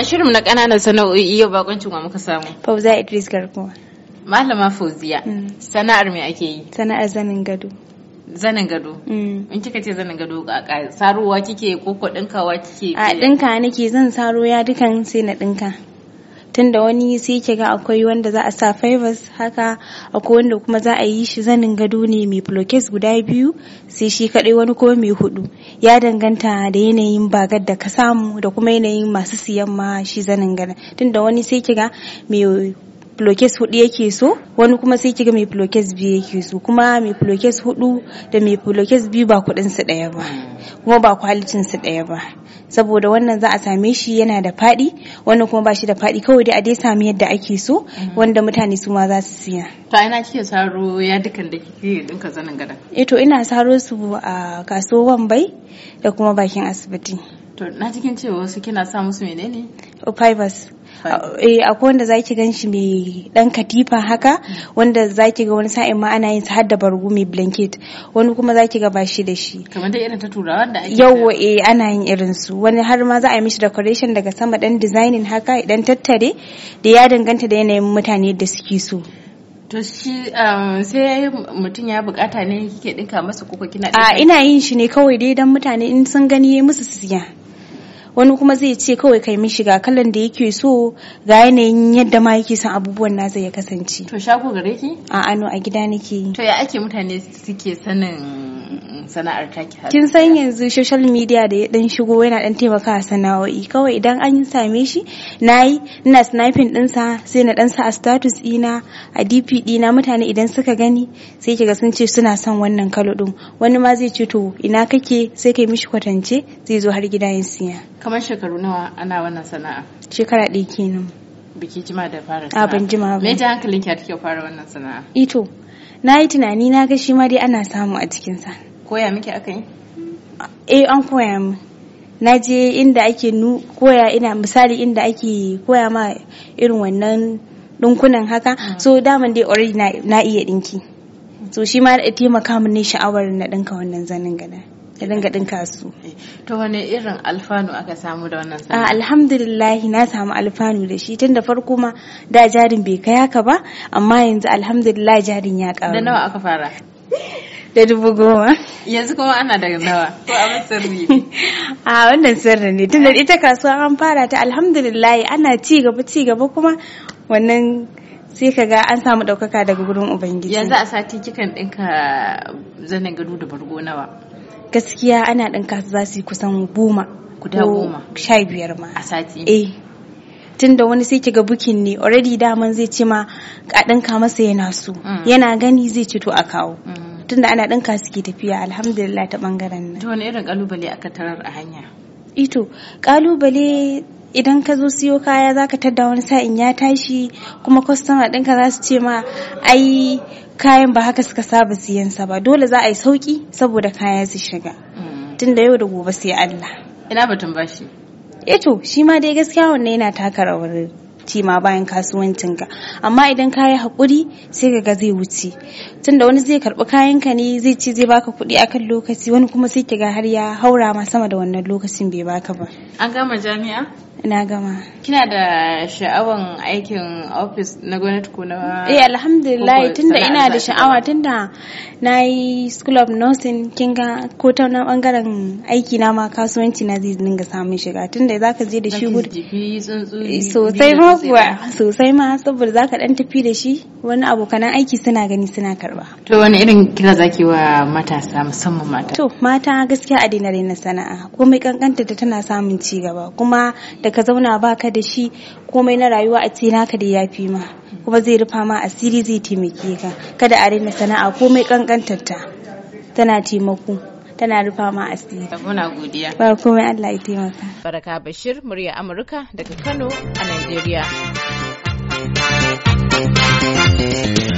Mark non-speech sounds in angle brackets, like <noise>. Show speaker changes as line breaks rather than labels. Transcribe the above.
A shirin na ƙananan sana'o'i yau bakoncin wa muka samu. Fauza Idris Garkuwa. Malama Fauziya. Mm. Sana'ar me ake yi? Sana'ar
zanin gado.
Zanin gado. Mm. In kika ce zanin gado a saruwa kike ko ko dinkawa
kike? A dinka nake zan saro ya dukan sai na dinka. tunda wani sai ki ga akwai wanda za a sa fibers haka akwai wanda kuma za a yi shi zanin gado ne mai flokes guda biyu sai shi kadai wani ko mai hudu ya danganta da yanayin bagar da ka samu da kuma yanayin masu siyan ma shi zanin gado tunda wani sai ki ga mai flokes hudu yake so wani kuma sai kiga mai flokes biyu yake so kuma mai flokes hudu da mai flokes biyu ba kudin su daya ba kuma ba kwalitin su daya ba saboda wannan za a same shi yana da fadi wannan kuma ba shi da fadi kawai dai a dai sami yadda ake so wanda mutane su ma za su siya
to ina kike saro ya dukan da kike dinka zanin gada
eh to ina saro su a kasuwan bai da kuma bakin asibiti to na cikin cewa wasu kina sa musu menene oh, fibers uh, eh akwai wanda zaki gan shi mai dan katifa haka mm. wanda zaki ga wani sa'in ma ana yin sa har da bargo mai blanket wani kuma zaki ga ba shi da shi kamar da
irin ta turawa da ake yawa
eh ana yin irin su wani har ma za a yi mishi decoration daga sama dan designing haka idan tattare da ya danganta da yanayin mutane da suke so
To shi um, sai mutum ya bukata ne kike dinka masa kuka kina ah, A ina
yin shi ne kawai dai dan mutane in sun gani yayi musu siya. wani kuma zai ce kawai kai mishi ga kalan da yake so ga yanayin yadda ma yake son abubuwan nasa ya kasance to shago gare ki a ano a gida nake to ya ake mutane suke sanin sana'ar taki kin san yanzu social media da ya dan shigo yana dan taimaka sana'o'i kawai idan an same shi nayi ina sniping sa sai na dan sa a status dina a dp dina mutane idan suka gani sai kiga sun ce suna son wannan kalo din wani ma zai ce to ina kake sai kai mishi kwatance zai zo har gida yin siya
kamar shekaru nawa ana wannan sana'a
shekara ɗaya kenan
biki jima da fara sana'a a ban
jima ba me ji hankalin ki
a fara wannan sana'a
ito na yi tunani na ga shi ma dai ana samu a cikinsa
koya muke aka yi
eh an koya mu na je inda ake nu koya ina misali inda ake koya ma irin wannan dunkunan haka mm. so daman dai already na iya dinki so shi ma taimaka mun ne sha'awar na dinka wannan zanin gada ya dinga dinka su to wane
irin alfanu aka samu da wannan ah, sana'a
alhamdulillah na samu alfanu da shi tun da farko ma da jarin bai kai haka ba amma yanzu alhamdulillah jarin ya karu da nawa aka fara <laughs> da dubu goma
yanzu kuma ana da nawa ko abin sirri ne a
<laughs> ah, wannan sirri ne tun da ita kasuwa an fara ta alhamdulillah ana ci gaba ci gaba kuma wannan sai ka ga an samu ɗaukaka daga gurin ubangiji yanzu a
sati kikan ɗinka zanen gado da bargo nawa
gaskiya ana ɗinka za su yi kusan goma guda goma sha biyar ma a sati eh tun da wani sai ga bukin ne already daman zai ce ma a ɗinka masa yana so mm. yana gani zai ce to a kawo mm. tunda ana ɗinka suke tafiya alhamdulillah ta ɓangaren nan
to wani irin ƙalubale aka tarar a hanya
ito ƙalubale idan ka zo siyo kaya za ka tadda wani sa'in ya tashi kuma kwastama ɗinka za su ce ma ai kayan ba haka suka saba siyansa ba dole za a yi sauki saboda kaya su shiga hmm. tun da yau da gobe sai Allah. Ina batun bashi. Eto eh shi ma dai gaskiya wannan yana taka rawar ma bayan ka amma idan ka yi haƙuri sai ka ga zai wuce tunda wani zai karɓi kayanka ne zai ce zai baka kuɗi akan lokaci wani kuma sai ki ga har ya haura ma sama da wannan lokacin bai baka ba.
An gama jami'a? na gama kina da sha'awan aikin ofis na gwamnati ko na eh
alhamdulillah tunda ina da sha'awa tunda na yi school of nursing kin ga ko ta na bangaren aiki na ma kasuwanci na zai dinga samun shiga tunda zaka je da shi gudu eh, sosai ma kuwa sosai ma saboda zaka dan tafi da shi wani abokanan aiki suna gani suna karba
to wani irin kira zaki wa matasa musamman mata to
mata gaskiya a na sana'a komai kankanta tana samun ci gaba kuma da da ka zauna baka da shi komai na rayuwa a ce naka da ya yafi ma kuma zai rufa ma asiri zai taimake ka kada a raina sana'a komai kankantarta tana taimako tana rufa ma asiri muna godiya ba komai Allah ya taimaka
baraka bashir murya amurka daga Kano a Najeriya